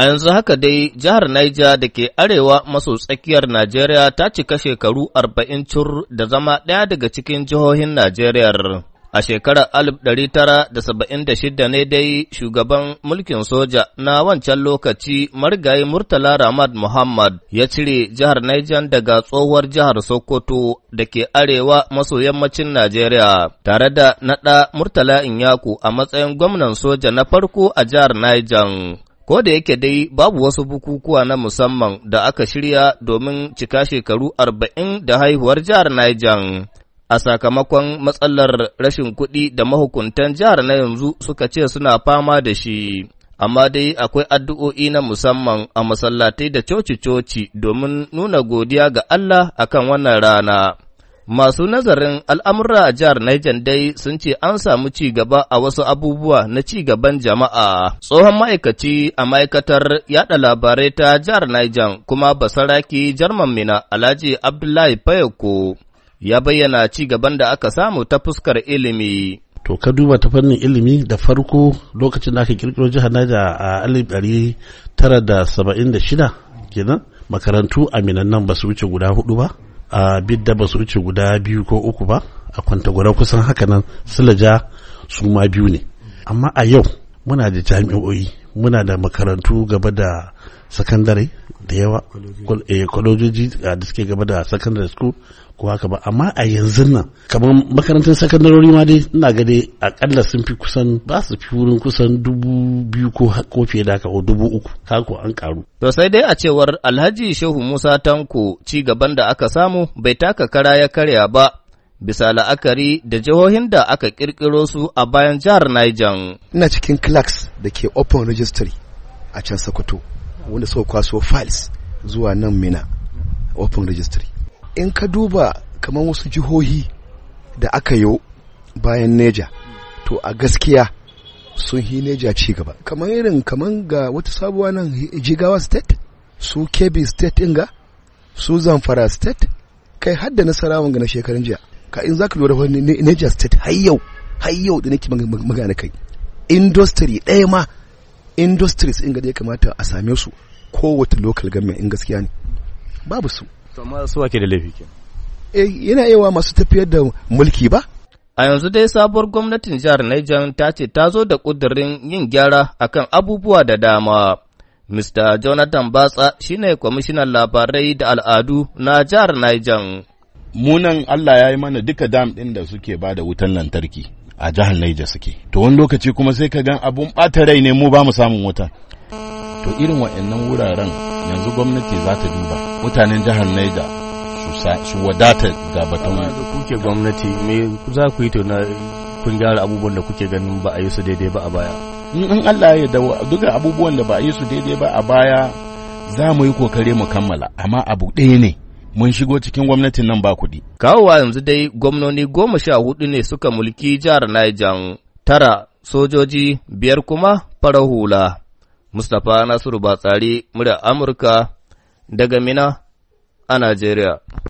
A yanzu haka dai jihar Niger da ke arewa maso tsakiyar Najeriya ta cika shekaru arba'in cur da zama ɗaya daga cikin jihohin Najeriya. A shekarar 1976 ne dai shugaban mulkin soja na wancan lokaci marigayi Murtala Ramad Muhammad ya cire jihar Niger daga tsohuwar jihar Sokoto da ke arewa maso yammacin Najeriya tare da naɗa Murtala Inyaku a matsayin gwamnan soja na farko a jihar Niger. Ko da yake dai babu wasu bukukuwa na musamman da aka shirya domin cika shekaru arba'in da haihuwar jihar Niger, a sakamakon matsalar rashin kuɗi da mahukuntan jihar na yanzu suka ce suna fama da shi. Amma dai akwai addu'o'i na musamman a masallatai da coci-coci domin nuna godiya ga Allah akan wannan rana. Masu nazarin al'amura a jihar Niger dai sun ce an samu ci gaba a wasu abubuwa na ci gaban jama'a. Tsohon ma'aikaci a ma'aikatar yada labarai ta jihar Niger kuma basaraki Jarman Mina Alhaji Abdullahi Fayoko ya bayyana ci gaban da aka samu ta fuskar ilimi. to ka duba ta fannin ilimi da farko lokacin da aka kirkiro jihar Niger a alif ɗari tara da saba'in da shida makarantu a minan nan ba su wuce guda hudu ba a bidda ba su wuce guda biyu ko uku ba a kwantagora kusan hakanan silaja su ma biyu ne amma a yau muna da jami'o'i muna da makarantu gaba da sakandare da yawa eh, kwalojoji ah, da suke gaba da sakandare school ko haka ba amma a yanzu nan kamar makarantar sakandarori ma dai ina ga dai akalla sun fi kusan ba su fi wurin kusan dubu biyu ko ko fiye da haka ko dubu uku kako an karu to sai dai a cewar Alhaji Shehu Musa Tanko ci gaban da aka samu bai taka kara ya karya ba bisa la'akari da jihohin da aka kirkiro su a bayan jihar Niger. Ina cikin clerks da ke open registry a can Sokoto wanda suka kwaso files zuwa nan Mina open registry. In ka duba kamar wasu jihohi da aka yi bayan Neja to a gaskiya sun hi Neja ci gaba. Kamar irin kamar ga wata sabuwa nan Jigawa state, su Kebbi state inga, su Zamfara state, kai hadda nasarawan ga na shekarun jiya ka in zaka lura wani Niger State har yau har yau da nake magana kai industry ɗaya ma industries in da ya kamata a same su kowace local government in gaskiya ne babu su amma su wake da laifi kenan eh yana yawa masu tafiyar da mulki ba A yanzu dai sabuwar gwamnatin jihar Niger ta ce ta zo da kudirin yin gyara akan abubuwa da dama. Mr. Jonathan Batsa shine kwamishinan labarai da al'adu na jihar Niger. munan Allah ya yi mana duka dam ɗin da suke ba da wutan lantarki a jihar Naija suke. To wani lokaci kuma sai ka gan abun ɓata rai ne mu ba mu samun wuta. To irin waɗannan wuraren yanzu gwamnati za ta duba mutanen jihar Naija su wadata ga batun. kuke gwamnati me za ku yi to kun gyara abubuwan da kuke ganin ba a yi su daidai ba a baya. In Allah ya yarda duka abubuwan da ba a yi su daidai ba a baya za mu yi kokare mu kammala amma abu ɗaya ne. mun shigo cikin gwamnatin nan ba kuɗi. Kawowa yanzu dai gwamnoni goma sha hudu ne suka mulki jihar Niger, tara sojoji biyar kuma farar hula. Mustapha Nasiru Batsari, murya Amurka daga Mina a Najeriya.